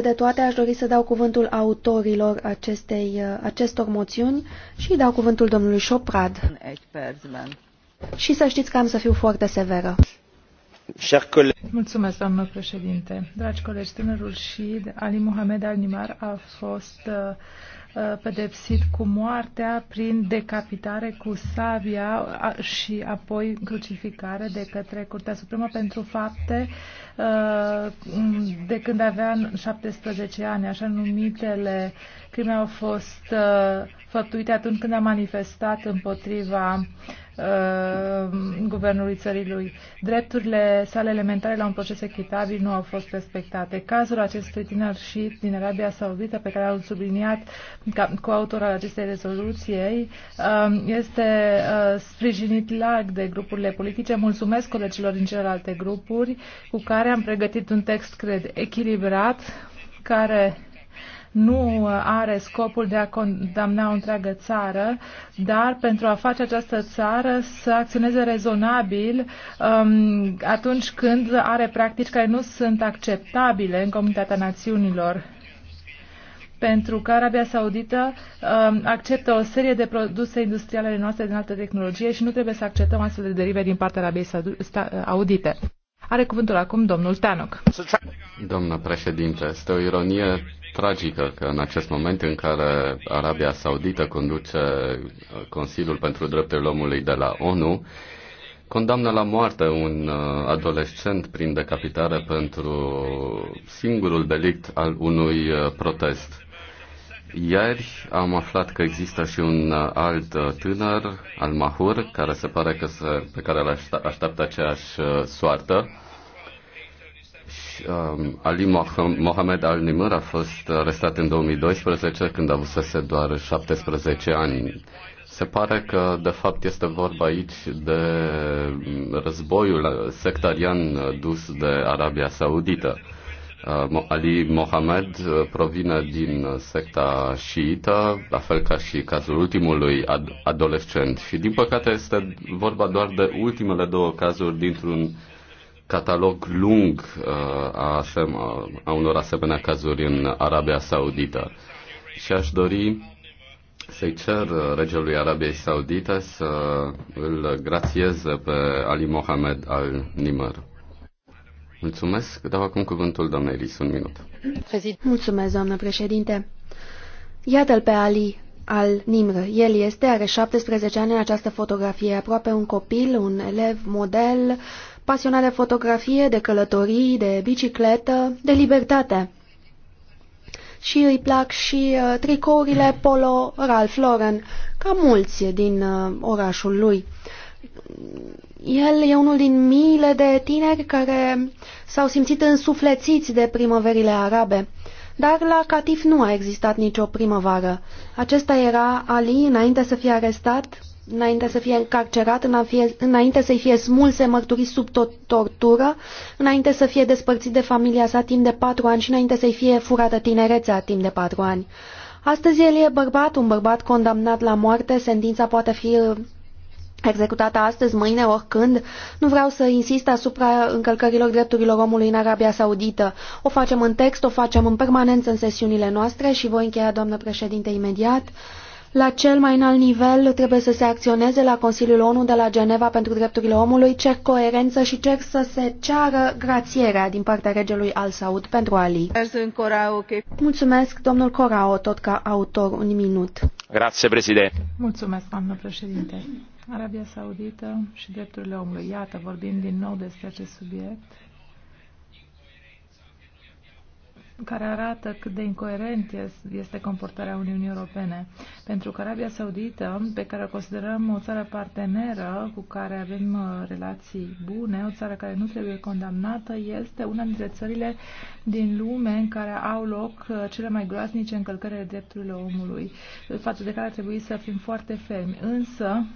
de toate, aș dori să dau cuvântul autorilor acestei, acestor moțiuni și dau cuvântul domnului Șoprad. Și să știți că am să fiu foarte severă. Mulțumesc, doamnă președinte. Dragi colegi, tânărul și Ali Mohamed Al-Nimar a fost uh, Uh, pedepsit cu moartea prin decapitare cu sabia și apoi crucificare de către Curtea Supremă pentru fapte uh, de când avea 17 ani. Așa numitele crime au fost uh, făptuite atunci când a manifestat împotriva guvernului țării lui. Drepturile sale elementare la un proces echitabil nu au fost respectate. Cazul acestui tânăr și din Arabia Saudită, pe care l-au subliniat cu autorul acestei rezoluției um, este uh, sprijinit larg de grupurile politice. Mulțumesc colegilor din celelalte grupuri cu care am pregătit un text, cred, echilibrat, care nu are scopul de a condamna o întreagă țară, dar pentru a face această țară să acționeze rezonabil um, atunci când are practici care nu sunt acceptabile în comunitatea națiunilor pentru că Arabia Saudită um, acceptă o serie de produse industriale ale noastre din altă tehnologie și nu trebuie să acceptăm astfel de derive din partea Arabiei Saudite. Are cuvântul acum domnul Tanok. Domnul președinte, este o ironie tragică că în acest moment în care Arabia Saudită conduce uh, Consiliul pentru Drepturile Omului de la ONU, condamnă la moarte un uh, adolescent prin decapitare pentru singurul delict al unui uh, protest. Ieri am aflat că există și un uh, alt uh, tânăr, al Mahur, care se pare că se, pe care îl așteaptă aceeași uh, soartă. Um, Ali Mohamed al Nimr a fost arestat în 2012 când avusese doar 17 ani. Se pare că, de fapt, este vorba aici de mm, războiul sectarian dus de Arabia Saudită. Uh, Ali Mohamed uh, provine din secta șiită, la fel ca și cazul ultimului ad- adolescent. Și din păcate este vorba doar de ultimele două cazuri dintr-un catalog lung uh, a, asem- a unor asemenea cazuri în Arabia Saudită. Și aș dori să-i cer regelui Arabiei Saudite să îl grațieze pe Ali Mohamed al Nimr. Mulțumesc. Dau acum cuvântul doamnei Elis, un minut. Mulțumesc, doamnă președinte. Iată-l pe Ali al Nimr. El este, are 17 ani în această fotografie, aproape un copil, un elev, model, pasionat de fotografie, de călătorii, de bicicletă, de libertate. Și îi plac și uh, tricourile Polo Ralph Lauren, ca mulți din uh, orașul lui. El e unul din miile de tineri care s-au simțit însuflețiți de primăverile arabe. Dar la Catif nu a existat nicio primăvară. Acesta era Ali înainte să fie arestat, înainte să fie încarcerat, înainte să-i fie smulse mărturii sub tot tortură, înainte să fie despărțit de familia sa timp de patru ani și înainte să-i fie furată tinerețea timp de patru ani. Astăzi el e bărbat, un bărbat condamnat la moarte, sentința poate fi executată astăzi, mâine, oricând. Nu vreau să insist asupra încălcărilor drepturilor omului în Arabia Saudită. O facem în text, o facem în permanență în sesiunile noastre și voi încheia, doamnă președinte, imediat. La cel mai înalt nivel trebuie să se acționeze la Consiliul ONU de la Geneva pentru drepturile omului, cer coerență și cer să se ceară grațierea din partea regelui al Saud pentru Ali. Mulțumesc, domnul Corao, tot ca autor, un minut. Grazie, președinte. Mulțumesc, doamnă președinte. Arabia Saudită și drepturile omului. Iată, vorbim din nou despre acest subiect care arată cât de incoerent este comportarea Uniunii Europene. Pentru că Arabia Saudită, pe care o considerăm o țară parteneră cu care avem uh, relații bune, o țară care nu trebuie condamnată, este una dintre țările din lume în care au loc uh, cele mai groaznice încălcări ale drepturilor omului, față de care ar trebui să fim foarte fermi. Însă,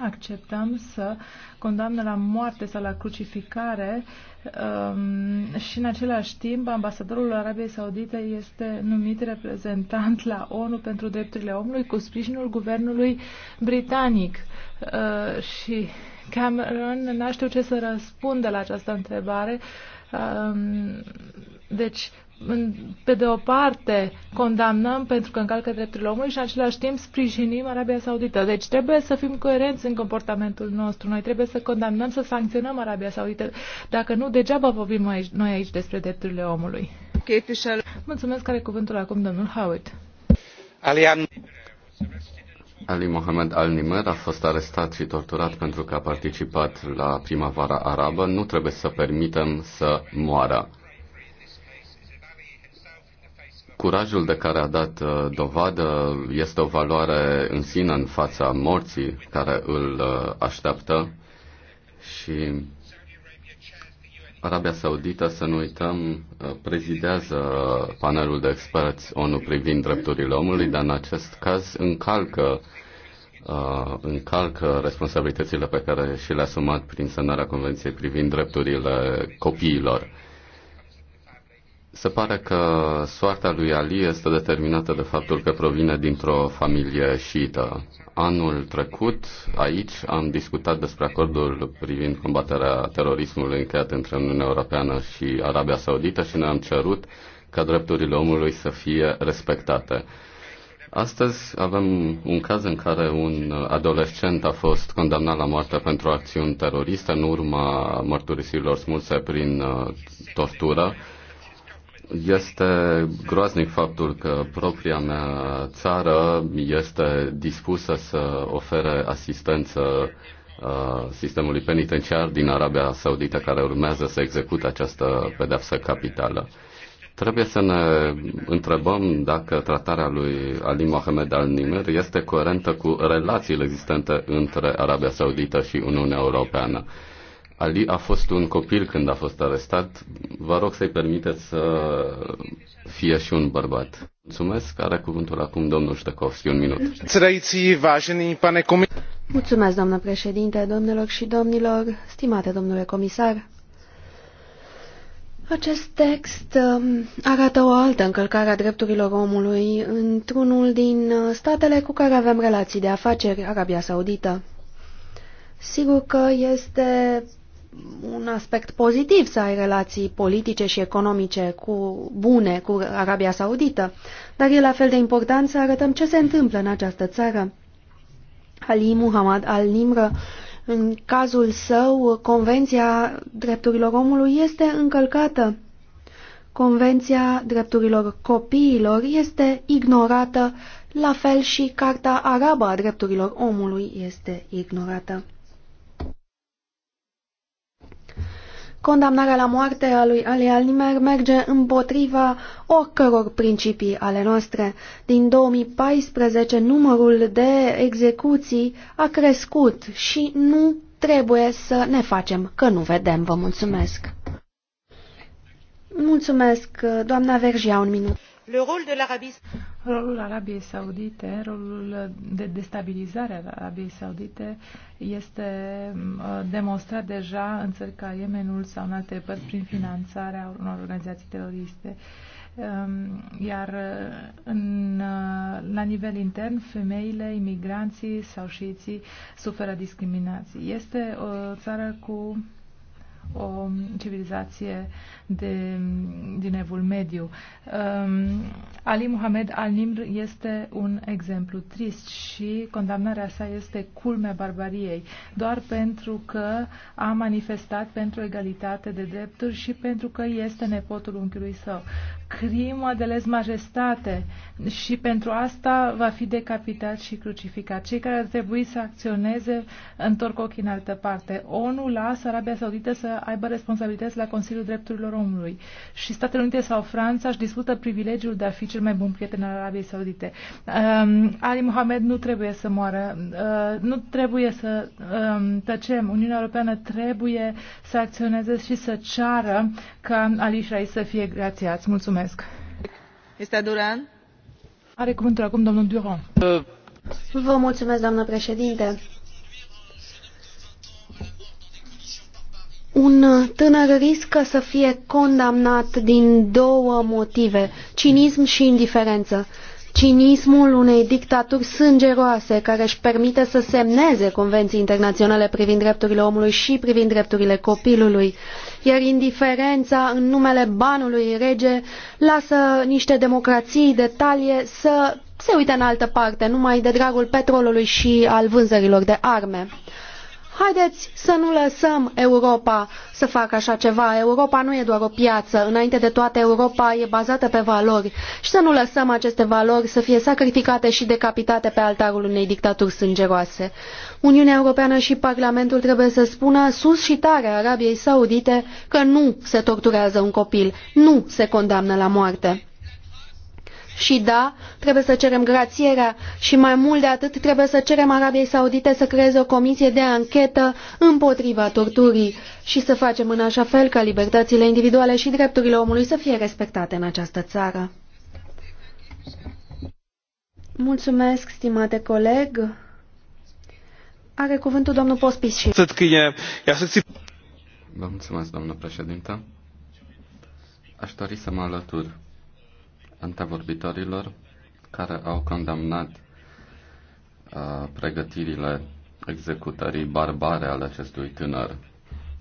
acceptăm să condamne la moarte sau la crucificare um, și în același timp ambasadorul Arabiei Saudite este numit reprezentant la ONU pentru drepturile omului cu sprijinul guvernului britanic uh, și Cameron n-a știut ce să răspundă la această întrebare. Um, deci pe de o parte, condamnăm pentru că încalcă drepturile omului și în același timp sprijinim Arabia Saudită. Deci trebuie să fim coerenți în comportamentul nostru. Noi trebuie să condamnăm, să sancționăm Arabia Saudită. Dacă nu, degeaba vorbim aici, noi aici despre drepturile omului. Mulțumesc, care cuvântul acum domnul Howard. Ali Mohamed Al-Nimer a fost arestat și torturat pentru că a participat la primăvara arabă. Nu trebuie să permitem să moară. Curajul de care a dat uh, dovadă este o valoare în sine în fața morții care îl uh, așteaptă și Arabia Saudită, să nu uităm, uh, prezidează panelul de experți ONU privind drepturile omului, dar în acest caz încalcă uh, încalcă responsabilitățile pe care și le-a asumat prin semnarea Convenției privind drepturile copiilor. Se pare că soarta lui Ali este determinată de faptul că provine dintr-o familie șiită. Anul trecut, aici, am discutat despre acordul privind combaterea terorismului încheiat între Uniunea Europeană și Arabia Saudită și ne-am cerut ca drepturile omului să fie respectate. Astăzi avem un caz în care un adolescent a fost condamnat la moarte pentru acțiuni teroriste în urma mărturisirilor smulse prin uh, tortură. Este groaznic faptul că propria mea țară este dispusă să ofere asistență uh, sistemului penitenciar din Arabia Saudită care urmează să execute această pedeapsă capitală. Trebuie să ne întrebăm dacă tratarea lui Ali Mohamed al Nimr este coerentă cu relațiile existente între Arabia Saudită și Uniunea Europeană. Ali a fost un copil când a fost arestat. Vă rog să-i permiteți să fie și un bărbat. Mulțumesc. Are cuvântul acum domnul Ștăcovski. Un minut. Mulțumesc, doamnă președinte, domnilor și domnilor, stimate domnule comisar. Acest text um, arată o altă încălcare a drepturilor omului într-unul din uh, statele cu care avem relații de afaceri, Arabia Saudită. Sigur că este un aspect pozitiv să ai relații politice și economice cu bune cu Arabia Saudită, dar e la fel de important să arătăm ce se întâmplă în această țară. Ali Muhammad al-Nimr, în cazul său, Convenția Drepturilor Omului este încălcată. Convenția Drepturilor Copiilor este ignorată, la fel și Carta Arabă a Drepturilor Omului este ignorată. Condamnarea la moarte a lui Ali Alnimer merge împotriva oricăror principii ale noastre. Din 2014 numărul de execuții a crescut și nu trebuie să ne facem că nu vedem. Vă mulțumesc! Mulțumesc, doamna Vergia, un minut. Rolul Arabiei Saudite, rolul de destabilizare al Arabiei Saudite este uh, demonstrat deja în țări ca Yemenul sau în alte părți prin finanțarea unor organizații teroriste. Um, iar uh, în, uh, la nivel intern, femeile, imigranții sau șiiții suferă discriminații. Este o țară cu o civilizație de, din evul mediu. Um, Ali Muhammad al-Nimr este un exemplu trist și condamnarea sa este culmea barbariei, doar pentru că a manifestat pentru egalitate de drepturi și pentru că este nepotul unchiului său crimă de lez majestate și pentru asta va fi decapitat și crucificat. Cei care ar trebui să acționeze întorc ochii în altă parte. ONU lasă Arabia Saudită să aibă responsabilități la Consiliul Drepturilor Omului și Statele Unite sau Franța își discută privilegiul de a fi cel mai bun prieten al Arabiei Saudite. Um, Ali Mohamed nu trebuie să moară, uh, nu trebuie să um, tăcem. Uniunea Europeană trebuie să acționeze și să ceară ca Ali Shrai să fie grațiați. Mulțumesc! Mulțumesc. Este Duran? Are cuvântul acum domnul Duran. Vă mulțumesc, doamnă președinte. Un tânăr riscă să fie condamnat din două motive, cinism și indiferență cinismul unei dictaturi sângeroase care își permite să semneze convenții internaționale privind drepturile omului și privind drepturile copilului, iar indiferența în numele banului rege lasă niște democrații de talie să se uite în altă parte, numai de dragul petrolului și al vânzărilor de arme. Haideți să nu lăsăm Europa să facă așa ceva. Europa nu e doar o piață. Înainte de toate, Europa e bazată pe valori. Și să nu lăsăm aceste valori să fie sacrificate și decapitate pe altarul unei dictaturi sângeroase. Uniunea Europeană și Parlamentul trebuie să spună sus și tare Arabiei Saudite că nu se torturează un copil, nu se condamnă la moarte. Și da, trebuie să cerem grațierea și mai mult de atât trebuie să cerem Arabiei Saudite să creeze o comisie de anchetă împotriva torturii și să facem în așa fel ca libertățile individuale și drepturile omului să fie respectate în această țară. Mulțumesc, stimate coleg. Are cuvântul domnul Pospiș. Vă mulțumesc, doamnă președintă. Aș dori să mă alătur antevorbitorilor care au condamnat uh, pregătirile executării barbare ale acestui tânăr.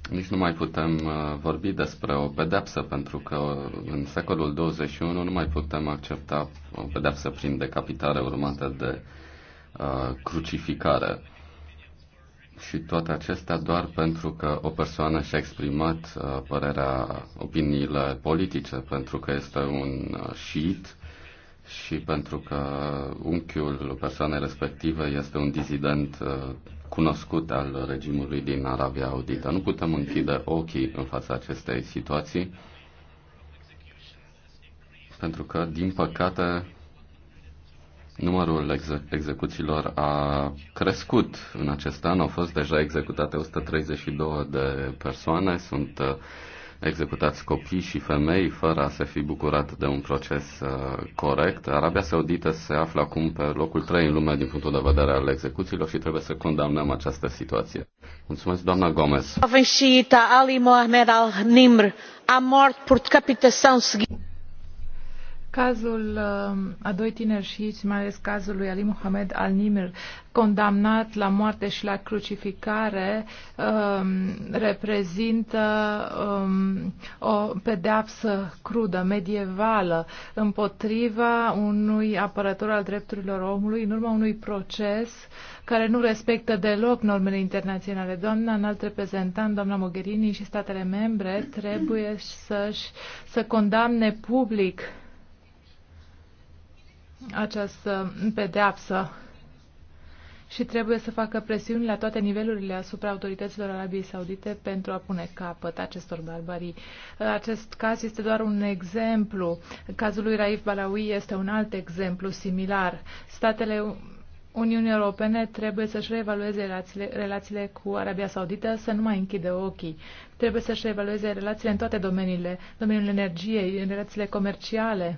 Nici nu mai putem uh, vorbi despre o pedepsă, pentru că în secolul 21 nu mai putem accepta o pedepsă prin decapitare urmată de uh, crucificare. Și toate acestea doar pentru că o persoană și-a exprimat uh, părerea, opiniile politice, pentru că este un uh, șiit și pentru că unchiul persoanei respective este un dizident uh, cunoscut al regimului din Arabia Audită. Nu putem închide ochii în fața acestei situații, pentru că, din păcate, Numărul exe- execuțiilor a crescut în acest an, au fost deja executate 132 de persoane, sunt uh, executați copii și femei fără a se fi bucurat de un proces uh, corect. Arabia Saudită se află acum pe locul 3 în lume din punctul de vedere al execuțiilor și trebuie să condamnăm această situație. Mulțumesc, doamna Gomez. Ali Mohamed al-Nimr a mort por decapitação Cazul uh, a doi tineri șiiți, mai ales cazul lui Ali Muhammad al Nimr, condamnat la moarte și la crucificare, um, reprezintă um, o pedeapsă crudă, medievală, împotriva unui apărător al drepturilor omului, în urma unui proces care nu respectă deloc normele internaționale. Doamna înalt reprezentant, doamna Mogherini și statele membre trebuie să-și, să condamne public această pedeapsă și trebuie să facă presiuni la toate nivelurile asupra autorităților Arabiei Saudite pentru a pune capăt acestor barbarii. Acest caz este doar un exemplu. Cazul lui Raif Balawi este un alt exemplu similar. Statele Uniunii Europene trebuie să-și reevalueze relațiile, relațiile cu Arabia Saudită, să nu mai închidă ochii. Trebuie să-și reevalueze relațiile în toate domeniile, domeniul energiei, în relațiile comerciale,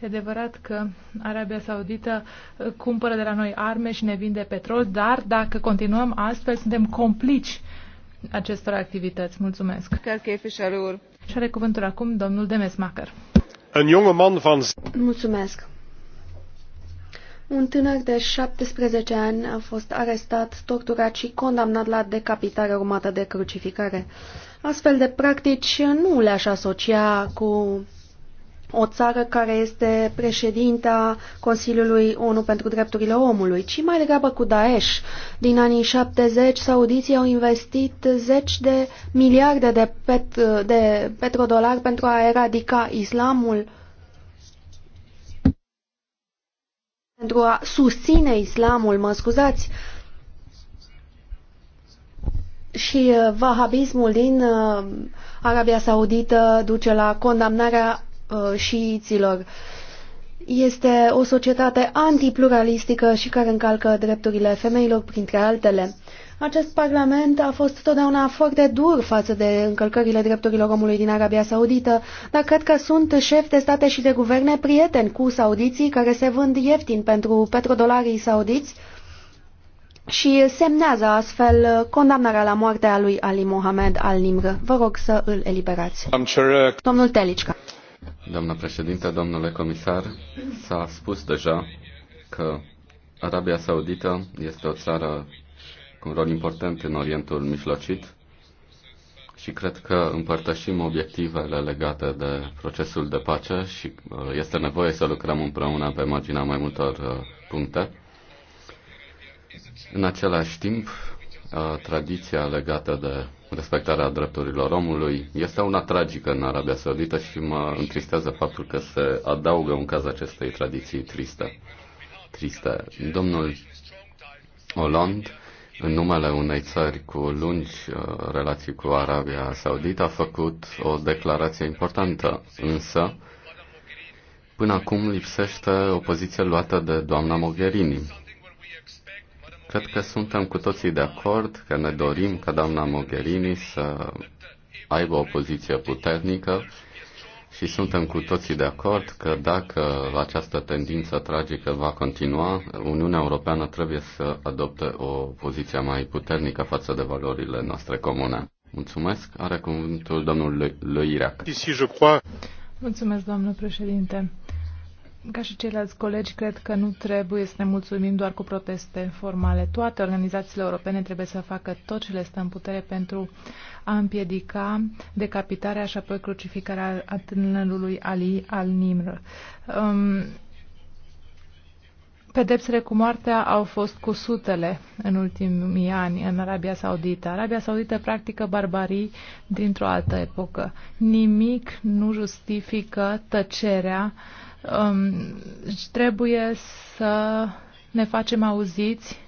E adevărat că Arabia Saudită uh, cumpără de la noi arme și ne vinde petrol, dar dacă continuăm astfel, suntem complici acestor activități. Mulțumesc. Și are cuvântul acum domnul Demesmacher. Mulțumesc. Un tânăr de 17 ani a fost arestat, torturat și condamnat la decapitare urmată de crucificare. Astfel de practici nu le-aș asocia cu o țară care este președinta Consiliului ONU pentru Drepturile Omului, ci mai degrabă cu Daesh. Din anii 70, saudiții au investit zeci de miliarde de, pet, de petrodolari pentru a eradica islamul, pentru a susține islamul, mă scuzați, și uh, vahabismul din uh, Arabia Saudită duce la condamnarea Uh, șiiților. Este o societate antipluralistică și care încalcă drepturile femeilor, printre altele. Acest parlament a fost totdeauna foarte dur față de încălcările drepturilor omului din Arabia Saudită, dar cred că sunt șefi de state și de guverne prieteni cu saudiții care se vând ieftin pentru petrodolarii saudiți și semnează astfel condamnarea la moarte a lui Ali Mohamed al Nimr. Vă rog să îl eliberați. Domnul Telicca. Doamna președinte, domnule comisar, s-a spus deja că Arabia Saudită este o țară cu un rol important în Orientul Mijlocit și cred că împărtășim obiectivele legate de procesul de pace și uh, este nevoie să lucrăm împreună pe marginea mai multor uh, puncte. În același timp, uh, tradiția legată de respectarea drepturilor omului. Este una tragică în Arabia Saudită și mă întristează faptul că se adaugă un caz acestei tradiții triste. triste. Domnul Hollande, în numele unei țări cu lungi uh, relații cu Arabia Saudită, a făcut o declarație importantă, însă Până acum lipsește o poziție luată de doamna Mogherini. Cred că suntem cu toții de acord că ne dorim ca doamna Mogherini să aibă o poziție puternică și suntem cu toții de acord că dacă această tendință tragică va continua, Uniunea Europeană trebuie să adopte o poziție mai puternică față de valorile noastre comune. Mulțumesc. Are cuvântul domnul Leirac. Mulțumesc, doamnă președinte. Ca și ceilalți colegi, cred că nu trebuie să ne mulțumim doar cu proteste formale. Toate organizațiile europene trebuie să facă tot ce le stă în putere pentru a împiedica decapitarea și apoi crucificarea a tânărului Ali al Nimr. Um, Pedepsele cu moartea au fost cu sutele în ultimii ani în Arabia Saudită. Arabia Saudită practică barbarii dintr-o altă epocă. Nimic nu justifică tăcerea uh, Um, trebuie să ne facem auziți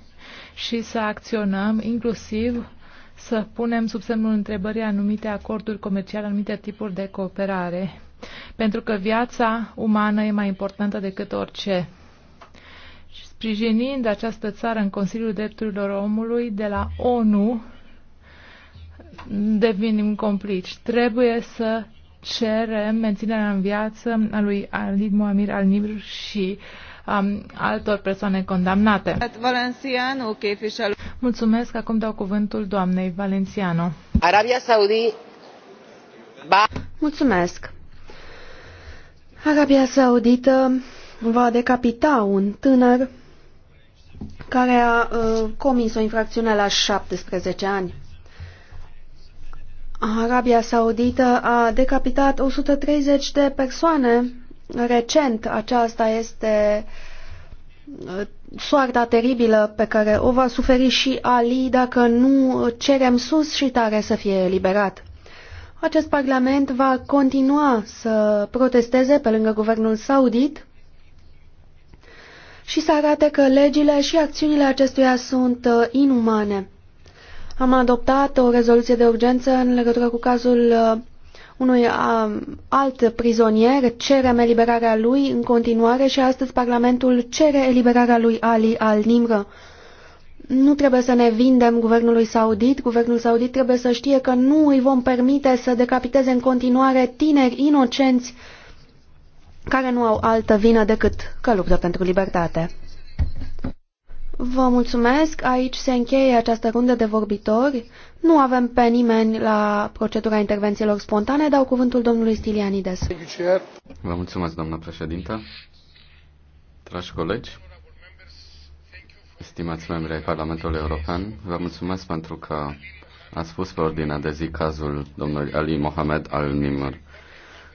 și să acționăm, inclusiv să punem sub semnul întrebării anumite acorduri comerciale, anumite tipuri de cooperare, pentru că viața umană e mai importantă decât orice. Și sprijinind această țară în Consiliul Drepturilor Omului de la ONU, devenim complici. Trebuie să cerem menținerea în viață a lui Alid Moamir al Nibr și um, altor persoane condamnate. Valenciano, képviselő. Mulțumesc, acum dau cuvântul doamnei Valenciano. Arabia Saudi. Ba... Mulțumesc. Arabia Saudită va decapita un tânăr care a uh, comis o infracțiune la 17 ani. Arabia Saudită a decapitat 130 de persoane recent. Aceasta este uh, soarta teribilă pe care o va suferi și Ali dacă nu cerem sus și tare să fie eliberat. Acest parlament va continua să protesteze pe lângă guvernul saudit și să arate că legile și acțiunile acestuia sunt uh, inumane. Am adoptat o rezoluție de urgență în legătură cu cazul uh, unui uh, alt prizonier. Cerem eliberarea lui în continuare și astăzi Parlamentul cere eliberarea lui Ali al-Nimr. Nu trebuie să ne vindem guvernului saudit. Guvernul saudit trebuie să știe că nu îi vom permite să decapiteze în continuare tineri inocenți care nu au altă vină decât că luptă pentru libertate. Vă mulțumesc. Aici se încheie această rundă de vorbitori. Nu avem pe nimeni la procedura intervențiilor spontane. Dau cuvântul domnului Stilianides. Vă mulțumesc, doamna președintă. Dragi colegi, stimați membri ai Parlamentului European, vă mulțumesc pentru că ați spus pe ordinea de zi cazul domnului Ali Mohamed al-Nimr.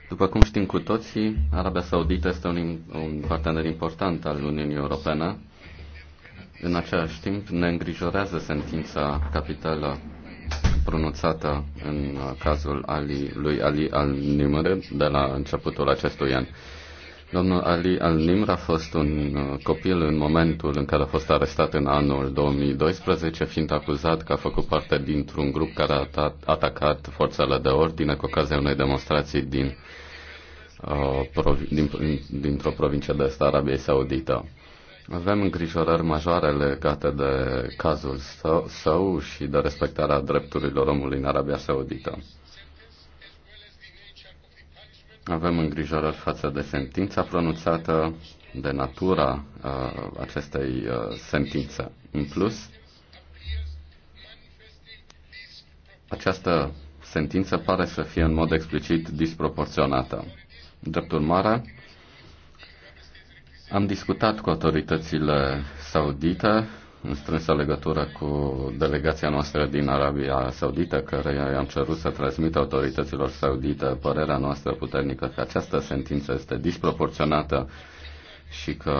După cum știm cu toții, Arabia Saudită este un, un partener important al Uniunii Europene în același timp, ne îngrijorează sentința capitală pronunțată în cazul Ali, lui Ali al Nimr de la începutul acestui an. Domnul Ali al Nimr a fost un uh, copil în momentul în care a fost arestat în anul 2012, fiind acuzat că a făcut parte dintr-un grup care a atacat forțele de ordine cu ocazia unei demonstrații din, uh, provi- din, dintr-o provincie de est Arabiei Saudită. Avem îngrijorări majore legate de cazul său, său și de respectarea drepturilor omului în Arabia Saudită. Avem îngrijorări față de sentința pronunțată, de natura uh, acestei uh, sentințe. În plus, această sentință pare să fie în mod explicit disproporționată. Drept urmare, am discutat cu autoritățile saudite în strânsă legătură cu delegația noastră din Arabia Saudită, care i-am cerut să transmită autorităților saudite părerea noastră puternică că această sentință este disproporționată și că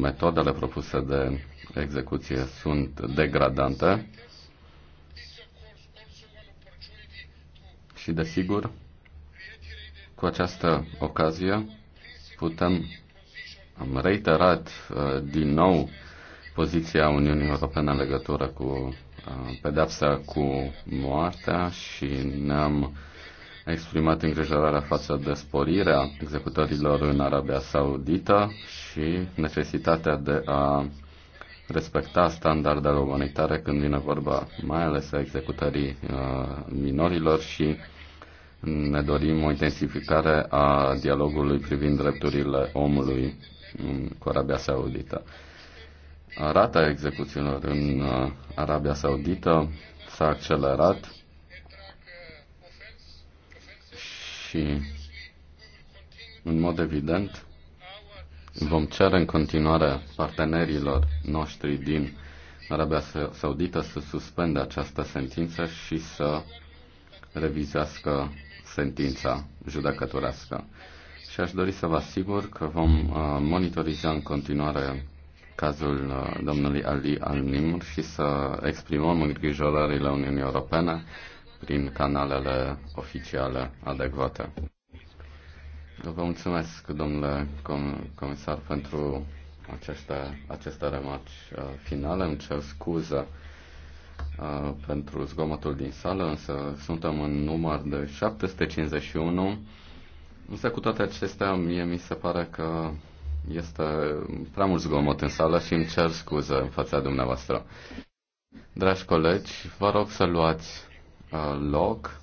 metodele propuse de execuție sunt degradante. Și desigur, cu această ocazie putem am reiterat uh, din nou poziția Uniunii Europene în legătură cu uh, pedepsa cu moartea și ne-am exprimat îngrijorarea față de sporirea executărilor în Arabia Saudită și necesitatea de a respecta standardele umanitare când vine vorba mai ales a executării uh, minorilor și ne dorim o intensificare a dialogului privind drepturile omului în, Arabia Saudită. Rata execuțiilor în uh, Arabia Saudită s-a accelerat și, în mod evident, vom cere în continuare partenerilor noștri din Arabia Saudită să suspende această sentință și să revizească sentința judecătorească și aș dori să vă asigur că vom uh, monitoriza în continuare cazul uh, domnului Ali al-Nimr și să exprimăm îngrijorările Uniunii Europene prin canalele oficiale adecvate. Vă mulțumesc, domnule comisar, pentru aceste, aceste remarci uh, finale. Îmi cer scuză pentru zgomotul din sală, însă suntem în număr de 751 Însă cu toate acestea, mie mi se pare că este prea mult zgomot în sală și îmi cer scuze în fața dumneavoastră. Dragi colegi, vă rog să luați uh, loc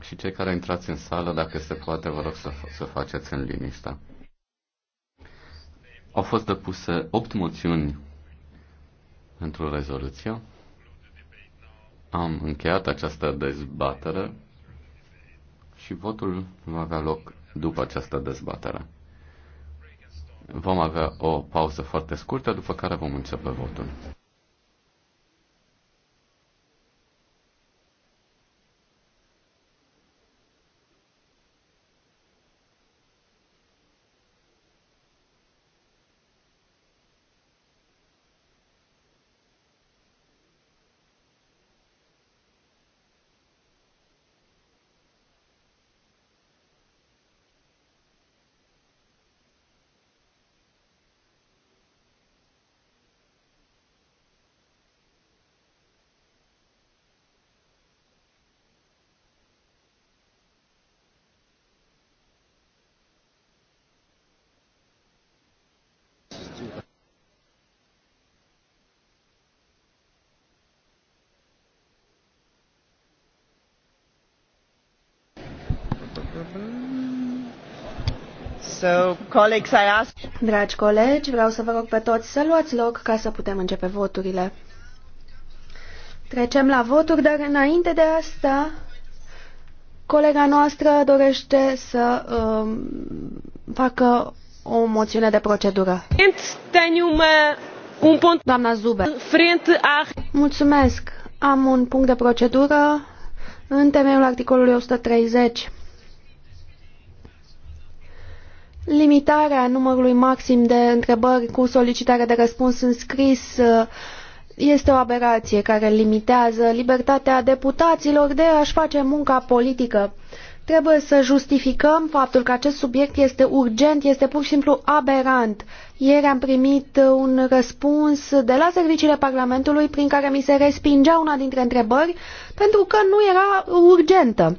și cei care intrați în sală, dacă se poate, vă rog să, să faceți în liniște. Au fost depuse opt moțiuni într-o rezoluție. Am încheiat această dezbatere și votul va avea loc după această dezbatere. Vom avea o pauză foarte scurtă, după care vom începe votul. Dragi colegi, vreau să vă rog pe toți să luați loc ca să putem începe voturile. Trecem la voturi, dar înainte de asta, colega noastră dorește să um, facă o moțiune de procedură. Un um punct. Doamna Zuber. Frente a... Mulțumesc. Am un punct de procedură în temeiul articolului 130 Limitarea numărului maxim de întrebări cu solicitare de răspuns în scris uh, este o aberație care limitează libertatea deputaților de a-și face munca politică. Trebuie să justificăm faptul că acest subiect este urgent, este pur și simplu aberant. Ieri am primit un răspuns de la serviciile Parlamentului prin care mi se respingea una dintre întrebări pentru că nu era urgentă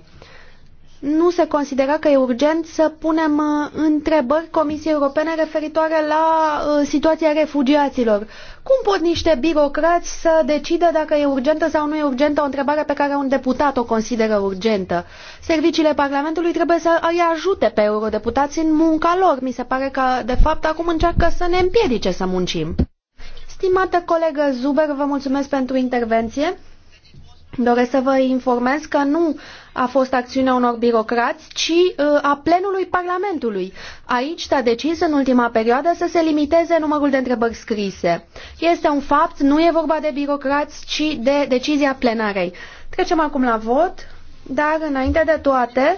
nu se considera că e urgent să punem uh, întrebări Comisiei Europene referitoare la uh, situația refugiaților. Cum pot niște birocrați să decidă dacă e urgentă sau nu e urgentă o întrebare pe care un deputat o consideră urgentă? Serviciile Parlamentului trebuie să îi ajute pe eurodeputați în munca lor. Mi se pare că, de fapt, acum încearcă să ne împiedice să muncim. Stimată colegă Zuber, vă mulțumesc pentru intervenție. Doresc să vă informez că nu a fost acțiunea unor birocrați, ci uh, a plenului Parlamentului. Aici s-a decis în ultima perioadă să se limiteze numărul de întrebări scrise. Este un fapt, nu e vorba de birocrați, ci de decizia plenarei. Trecem acum la vot, dar înainte de toate,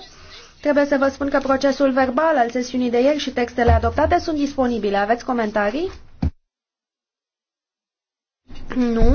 trebuie să vă spun că procesul verbal al sesiunii de ieri și textele adoptate sunt disponibile. Aveți comentarii? Nu.